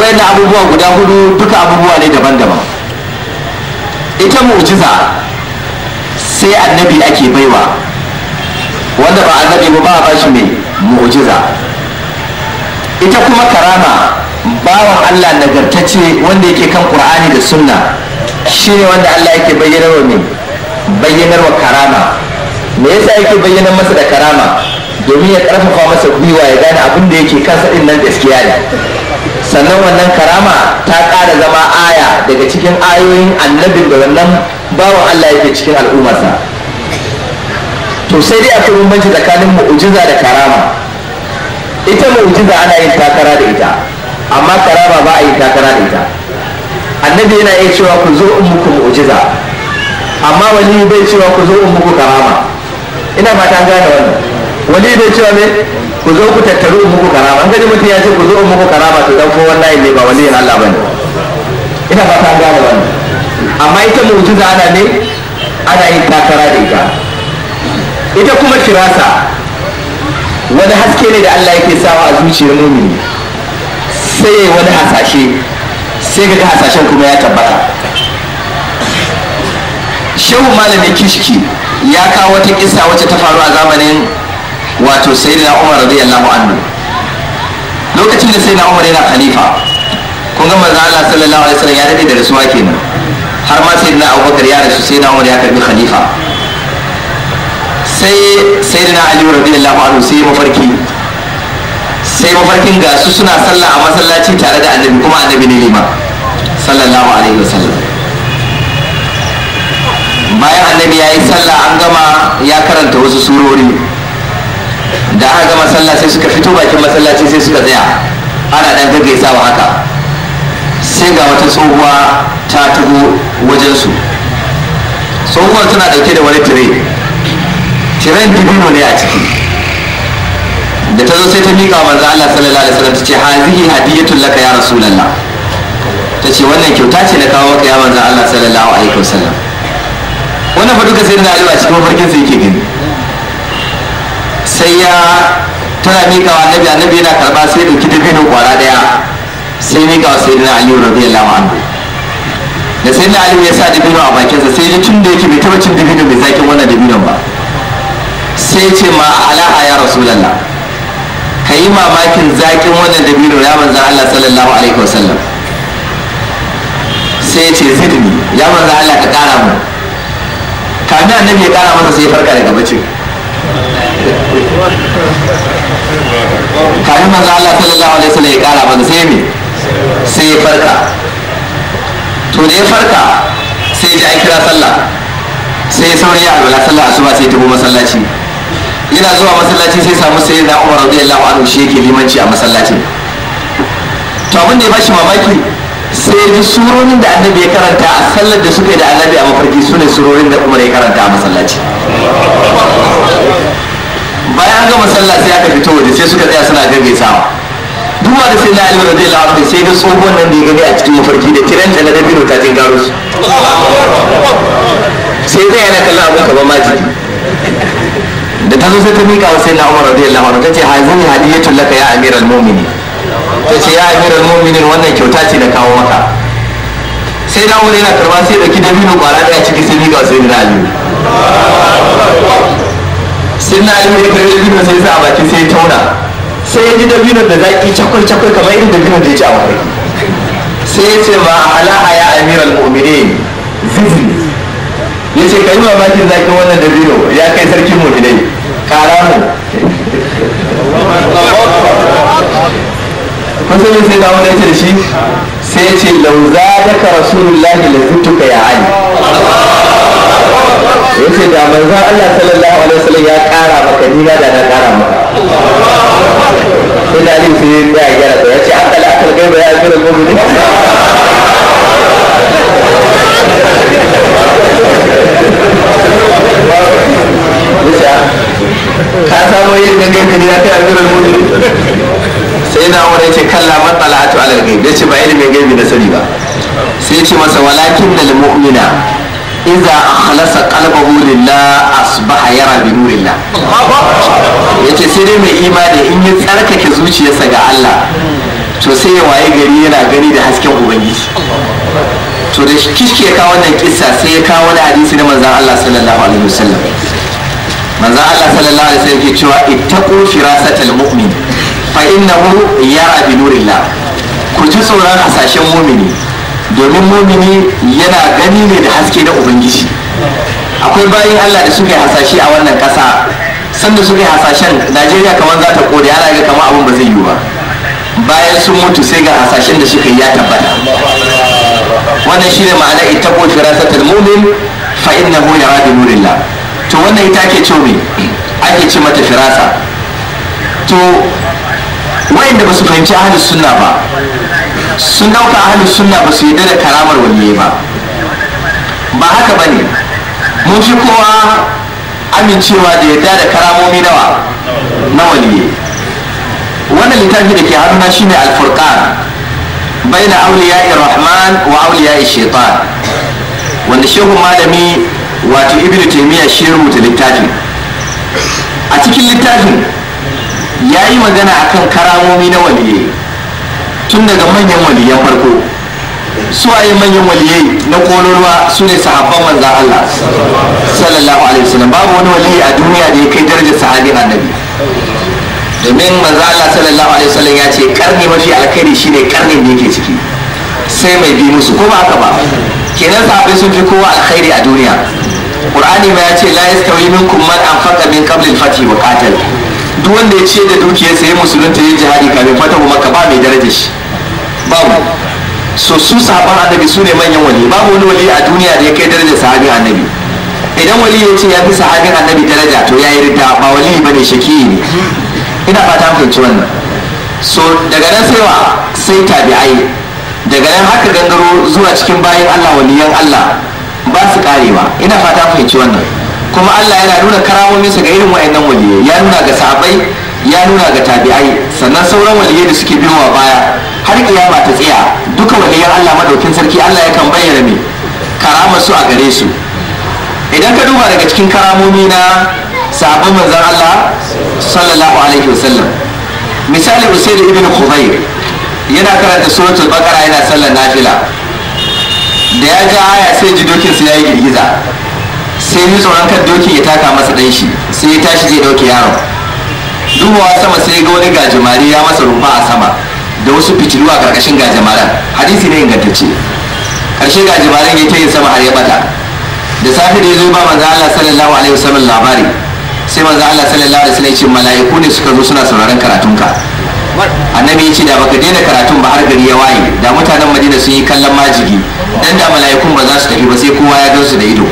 wayannan abubuwa guda hudu duka abubuwa ne daban-daban ita mu'jiza sai annabi ake baiwa wanda ba annabi ba ba shi ne mu'jiza ita kuma karama bawan Allah nagartacce wanda yake kan Qur'ani da Sunna shi ne wanda Allah yake bayyanarwa ne bayyanarwa karama me yasa yake bayyanar masa da karama domin ya karfafa masa gwiwa ya gane abin da yake kansa din nan gaskiya ne sannan wannan karama ta ƙara zama aya daga cikin ayoyin annabin da wannan bawan Allah yake cikin al'ummarsa to sai dai akwai bambanci tsakanin mu'ujiza da karama ita mu'ujiza ana yin takara da ita amma karama ba a yin takara da ita annabi yana iya cewa ku zo in muku mu'ujiza amma wani bai cewa ku zo in muku karama ina fata gane wannan wani bai cewa me ku zo ku tattaru in muku karama an gani mutum ya ce ku zo in muku karama to dan kowa wallahi ne ba wani waliyin Allah bane ina fata ta gane wannan amma ita da ana ne ana yin takara da ita ita kuma firasa wani haske ne da Allah yake sawa a zuciyar mumini sai wani hasashe sai ga hasashen kuma ya tabbata shehu malami kishki ya kawo wata kisa wacce ta faru a zamanin wato sayyidina Umar radiyallahu anhu lokacin da sayyidina Umar yana khalifa kun ga manzo Allah sallallahu alaihi wasallam ya dade da rasuwa kenan har ma sayyidina Abubakar ya rasu sayyidina Umar ya karbi khalifa sai sayyidina Ali radiyallahu anhu sai mafarki sai mafarkin ga su suna sallah a masallaci tare da annabi kuma annabi ne lima sallallahu alaihi wasallam bayan annabi ya yi sallah an gama ya karanta wasu surori da aka gama sallah sai suka fito bakin masallaci sai suka tsaya ana dan sabu haka sai ga wata tsohuwa ta wajen wajensu tsohuwar tana dauke da wani tire tiren dibino ne a ciki da ta zo sai ta miƙa manzo Allah sallallahu alaihi wasallam ta ce hazihi hadiyatun laka ya rasulullah ta ce wannan kyauta ce na kawo maka ya manzo Allah sallallahu alaihi wasallam wannan fa duka sai da Ali a cikin farkin sa yake gani sai ya tana mika wa annabi annabi yana karba sai dauki dabino kwara daya sai mika wa sayyidina aliyu radiyallahu anhu da sai dina aliyu ya sa dabino a bakinsa sai ya tun da yake bai taba cin dabino mai zakin wannan dabinon ba sai ce ma alaha ya rasulallah ka yi mamakin zakin wannan dabino ya manza Allah sallallahu alaihi wasallam sai ce zidni ya manza Allah ka kara mu kamin annabi ya kara masa sai ya farka daga bacin Kayan maza Allah sallallahu alaihi wasallam ya kara mana sai me sai ya farka to da ya farka sai ji kira sallah sai ya ya alwala sallah asuba sai tafi masallaci yana zuwa masallaci sai samu sai da Umar radiyallahu anhu shi yake limanci a masallaci, to abin da ya bashi mamaki sai ji surorin da annabi ya karanta a sallar da suka yi da annabi a mafarki su ne surorin da Umar ya karanta a masallaci bayan an gama sallah sai aka fito waje sai suka tsaya suna gaggaisawa duba da sai na alimin da zai da sai ga tsohon nan da ya gani a cikin mafarki da tiran da na dabino ta jin garo sai zai yana kallon abin ka ba ma da ta zo sai ta miƙa wa sai na umar radiyallahu anhu ta ce hazin hadiyatu laka ya amiral mumini ta ce ya amiral mumini wannan kyauta ce da kawo maka sai na wani yana karba sai da dauki dabino kwara daya ciki sai miƙa wa sai na sai na yi mai ɗan dabino sai sa a baki sai ya tauna sai ya ji dabino da zaki cakwai cakwai kamar irin dabino da ya ci a mafarki sai ya ce ma alaha ya amira mu'minin zizin ya ce ka yi bakin zakin wannan dabino ya kai sarkin mu'minai kara mu kusurin sai ta wani ce da shi sai ya ce lauza daga rasulullahi lazutuka ya ali ya da manzo Allah sallallahu alaihi wasallam ya kara maka nina da na kara maka sai da aliyu sai ya tsaya gyara ta ya ce an kala akal gaiba ya gura gobe ne ka samu yin gangan ka ya kai gura gobe sai na wani ce kalla matsala a tu'alar gaibi ya ce ba ilimin gaibi da sani ba sai ce masa walakin da mu'mina iza akhlasa qalbahu lillah asbaha yara bi nurillah yace sai dai mai imani in ya tsarkake zuciyarsa ga Allah to sai ya waye gari yana gani da hasken ubangiji to da kishke ka wannan kissa sai ya kawo wani hadisi na manzon Allah sallallahu alaihi wasallam manzon Allah sallallahu alaihi wasallam ke cewa ittaqu firasatal mu'min fa innahu yara bi nurillah ku ji tsoron hasashen mu'mini domin mumini yana gani ne da haske na ubangiji akwai bayan allah da suka yi hasashe a wannan kasa sanda suka yi hasashen najeriya kamar za ta kode ana ga kamar abin ba zai yi ba bayan sun mutu sai ga hasashen da suka yi ya tabbata wannan shi ne ma'ana ita ko firasatul mumin fa wa da nurin nurillah to wannan ita ake ce mai ake ce mata firasa to wayanda ba su fahimci ahlus sunna ba sun dauka halin sunna ba su yarda da karamar waliye ba ba haka ba ne, mun fi kowa amincewa da ya da karamomi nawa na waliye wannan littafi da ke hannuna shine al-furqan baina awliya'i rahman wa awliya'i shaitan wanda shehu malami wato ibnu taymiya shi rubuta littafin a cikin littafin ya yi magana akan karamomi na waliye tun daga manyan waliyan farko su ayi manyan waliyai na kololuwa su ne sahabban manzan Allah sallallahu alaihi wasallam babu wani waliyi a duniya da ya kai darajar sahabin annabi domin manzan Allah sallallahu alaihi wasallam ya ce karni mafi alkhairi shine karni da yake ciki sai mai bi musu ko ba haka ba kenan sahabbai sun fi kowa alkhairi a duniya qur'ani ma ya ce la yastawi minkum man anfaqa min qabli al-fath wa qatala duk wanda ya ce da sai ya musulunta ya jihadi kafin kuma ka ba mai daraja shi babu so su sahaban annabi su ne manyan wali babu wani wali a duniya da ya kai daraja sahabi annabi idan wali ya ce ya fi sahabin annabi daraja to ya yi rita ba wali ba ne shaki ne ina fata fahimci wannan so daga nan sai wa sai tabi'ai daga nan haka gangaro zuwa cikin bayan allah waliyan allah ba su karewa ina fata fahimci wannan kuma Allah yana nuna sa ga irin wa'annan waliyai ya nuna ga sahabbai ya nuna ga tabi'ai sannan sauran waliyai da suke biyowa baya har kiyama ta tsaya duka waliyan Allah madaukin sarki Allah yakan bayyana me karama su a gare su idan ka duba daga cikin karamomi na sahabban manzon Allah sallallahu alaihi wasallam misali Usayd ibn Khudayr yana karanta suratul baqara yana sallar nafila da ya ji aya sai ji dokin sa yayi girgiza sai ji tsoron kan doki ya taka masa dan shi sai ya tashi zai dauke yaro. dubawa sama sai ga wani gajimare ya masa rumfa a sama da wasu fitilu a karkashin gajimaren hadisi ne ingantacce karshe gajimaren ya yin sama har ya bata da safe da ya zo ba manzo Allah sallallahu alaihi wasallam labari sai manzo Allah sallallahu alaihi wasallam ya ce mala'iku ne suka zo suna sauraron karatunka annabi ya ce da baka daina karatun ba har gari ya waye da mutanen madina sun yi kallon majigi dan da mala'ikun ba za su tafi ba sai kowa ya gansu da ido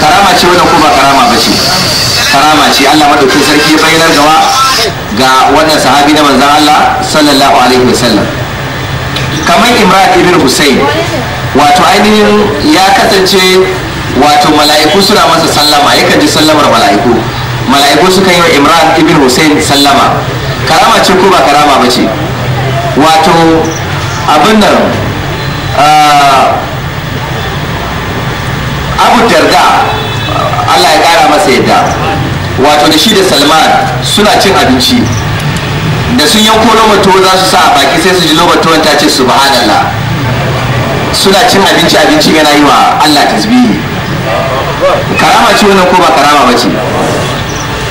karama ce wannan ko ba karama ba ce karama ce Allah madaukakin sarki bayyanar gawa ga wannan sahabi na manzon Allah sallallahu alaihi wasallam kamar Imran ibn Hussein wato ainihin ya kasance wato mala'iku suna masa sallama yakan ji sallamar mala'iku mala'iku suka yi wa Imran ibn Hussein sallama karama ce ko ba karama ba ce wato abin nan ah, abu darda allah ya kara masa yadda wato da shi da salman suna cin abinci da sun yanko lobato za su sa a baki sai su ji lobato ta ce subhanallah suna cin abinci abinci yana yi wa allah tasbihi karama ce wannan ko ba karama ba ce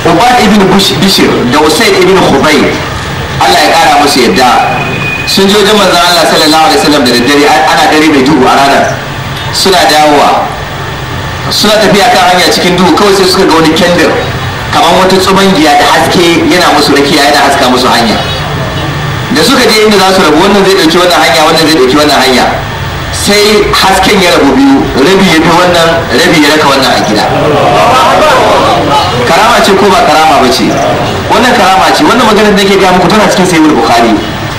ubad ibn bishir da usaid ibn Khubayr Allah ya kara musu yadda sun ji wajen manzon Allah sallallahu alaihi wasallam da daddare ana dare mai duhu a ranar suna dawowa suna tafiya kan hanya cikin duhu kawai sai suka ga wani kendir kamar wata tsuban giya da haske yana musu rakiya yana haska musu hanya da suka je inda za su rabu wannan zai dauki wannan hanya wannan zai ɗauki wannan hanya sai hasken ya rabu biyu rabi ya fi wannan rabi ya raka wannan a gida karama ce ko ba karama ba ce wannan karama ce wannan maganar da ke gaya muku tana cikin sayyid bukhari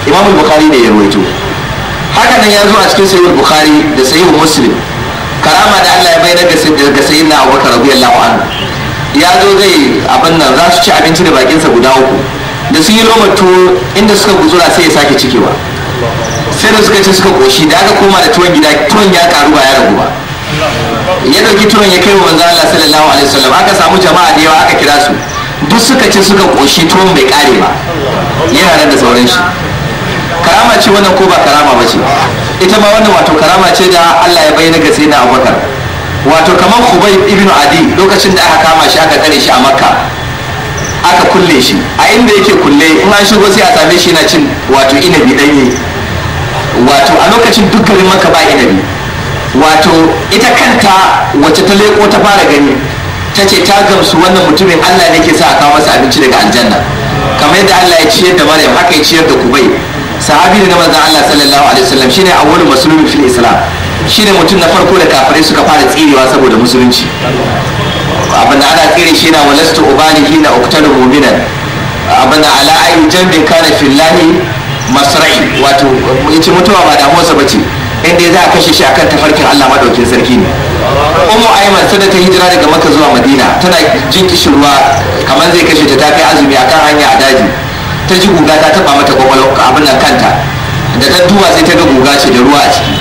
imam bukhari ne ya rawaito haka nan ya zo a cikin sayyid bukhari da sayyid muslim karama da Allah ya bayyana ga sayyid na abubakar radiyallahu anhu ya zo zai abin nan za su ci abinci da bakinsa guda uku da sun yi lomar tuwo inda suka guzura sai ya sake cikewa sai da suka ce suka koshi da aka koma da tuwon gida tuwon ya karu ba ya ragu ba ya dauki tuwon ya kai wa manzo Allah sallallahu alaihi wasallam aka samu jama'a da yawa aka kira su duk suka ce suka koshi tuwon bai kare ba yana nan da sauran shi karama ce wannan ko ba karama ba ce ita ma wannan wato karama ce da Allah ya bayyana ga sayyidina Abubakar wato kamar Khubay ibn Adi lokacin da aka kama shi aka kare shi a Makka aka kulle shi a inda yake kulle in an shigo sai a same shi yana cin wato inabi danye wato a lokacin duk garin maka ba inabi wato ita kanta wacce ta leko ta fara gani ta ce ta gamsu wannan mutumin Allah ne ke sa a kawo masa abinci daga aljanna kamar yadda Allah ya ciyar da Maryam haka ya ciyar da Kubai sahabi ne na manzon Allah sallallahu alaihi wasallam shine awwalul muslimin fil islam shine mutum na farko da kafirai suka fara tsirewa saboda musulunci abinda ana tsire shi na walastu ubani hina uktalu mu'minan abinda ala ayi jambin kana fillahi masra'i wato yace mutuwa ba damuwarsa bace inda za a kashe shi akan tafarkin Allah madaukin sarki ne Ummu Ayman sada ta hijira daga Makka zuwa Madina tana jin kishirwa kamar zai kashe ta tafi azumi akan hanya a daji ta ji guga ta taba mata kwakwalwa abin nan kanta da ta duwa sai ta ga guga ce da ruwa a ciki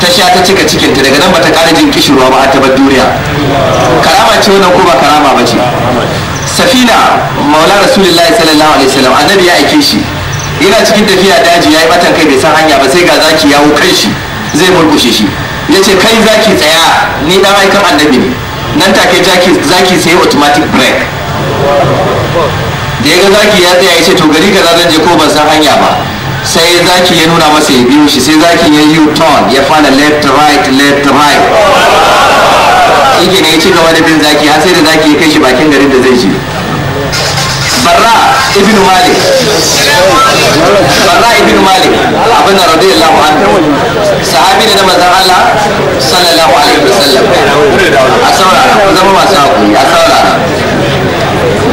ta sha ta cika cikinta daga nan bata kara jin kishirwa ba a bar duniya karama ce wannan ko ba karama ba ce safina maula rasulullahi sallallahu alaihi wasallam annabi ya aike shi yana cikin tafiya daji yayi batan kai bai san hanya ba sai ga zaki yawo kan shi zai murkushe shi yace kai zaki tsaya ni dan aikan annabi ne nan take zaki zaki sai automatic break da ya ga zaki ya tsaya ya ce to gari kaza zan je ko ban san hanya ba sai zaki ya nuna masa ya biyo shi sai zaki ya yi turn ya fara left right left right shi ne ya ci gaba da bin zaki har sai da zaki ya kai shi bakin garin da zai ji barra ibn malik barra ibn malik abin radiyallahu anhu sahabi ne na manzon Allah sallallahu alaihi wasallam a saurara zama masu hakuri a saurara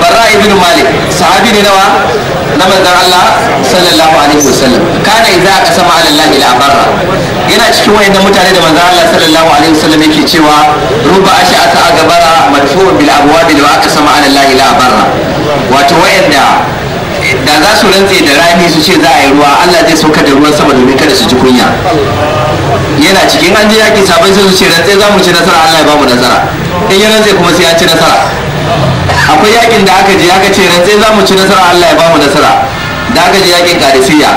barra ibn malik sahabi ne nawa na manzon Allah sallallahu alaihi wasallam kana idza qasama ala Allah ila barra yana cikin wayan mutane da manzon Allah sallallahu alaihi wasallam yake cewa ruba asha ata agabara madfu'un bil abwab da aqsama ala Allah ila barra wato wayan da za su rantse da rani su ce za a yi ruwa Allah zai sauka da ruwan sama domin kada su ji kunya yana cikin an je yaki sabai sai su ce rantse za mu ci nasara Allah ya ba mu nasara in ya rantsi kuma sai an ci nasara akwai yakin da aka ji aka ce rantsai za mu ci nasara Allah ya mu nasara da aka ji yakin kadisiya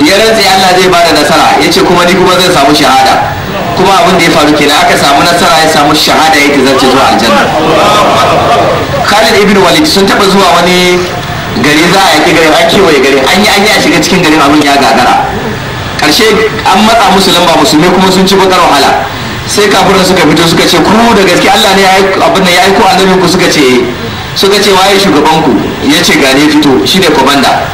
ya rantse Allah zai bada nasara ya ce kuma ni kuma zai samu shahada kuma abin da ya faru kenan aka samu nasara ya samu shahada ya ke zarce zuwa aljanna Khalid ibn Walid sun taba zuwa wani gari za a yaki garin an kewaye garin an yi an yi a shiga cikin garin abin ya gagara karshe an matsa musu lamba musulmi kuma sun ci bakar wahala sai kafirin suka fito suka ce ku da gaske Allah ne abin da ya aiko annabi ku suka ce suka ce waye shugaban ku ya ce ga ne fito shine komanda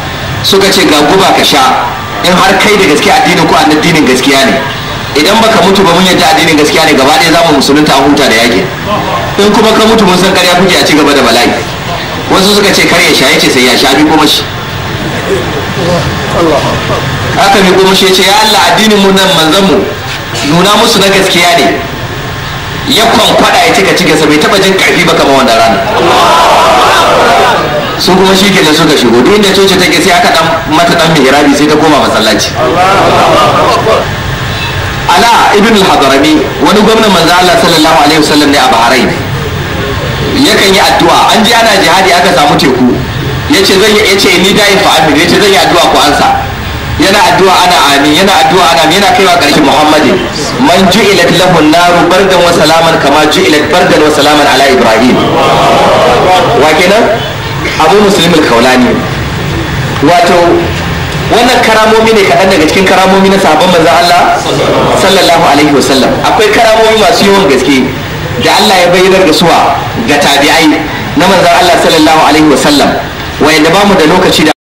suka ce ga guba ka sha in har kai da gaske addinin ku addinin gaskiya ne idan baka mutu ba mun yadda addinin gaskiya ne gaba ɗaya zamu musulunta a huta da yake in kuma ka mutu mun san ƙarya kuke a ci gaba da bala'i wasu suka ce kar ya sha ce sai ya sha bi kuma shi haka mai kuma shi ya ce ya Allah addinin mu nan manzon mu nuna musu na gaskiya ne ya kwankwada ya cika cikinsa bai taba jin karfi ba kamar wannan rana su kuma shi ke suka shigo duk inda coci take sai aka dan mata dan mihrabi sai ta koma masallaci ala ibn al-hadrami wani gwamnan manzo Allah sallallahu alaihi wasallam ne a Bahrain yakan yi addu'a an je ana jihadi aka samu teku yace zan yace ni dai fa'al yace zan yi addu'a ku ansa yana addu'a ana amin yana addu'a ana amin yana kaiwa ƙarshen muhammadin man ju'ilat lahu naru bardan wa salaman kama ju'ilat bardan wa salaman ala ibrahim wa kenan abu muslim al-kaulani wato wannan karamomi ne kaɗan daga cikin karamomi na sahabban manzon Allah sallallahu alaihi sallam akwai karamomi masu yawan gaske da Allah ya bayyana ga suwa ga tabi'ai na manzon Allah sallallahu alaihi wasallam wayanda bamu da lokaci da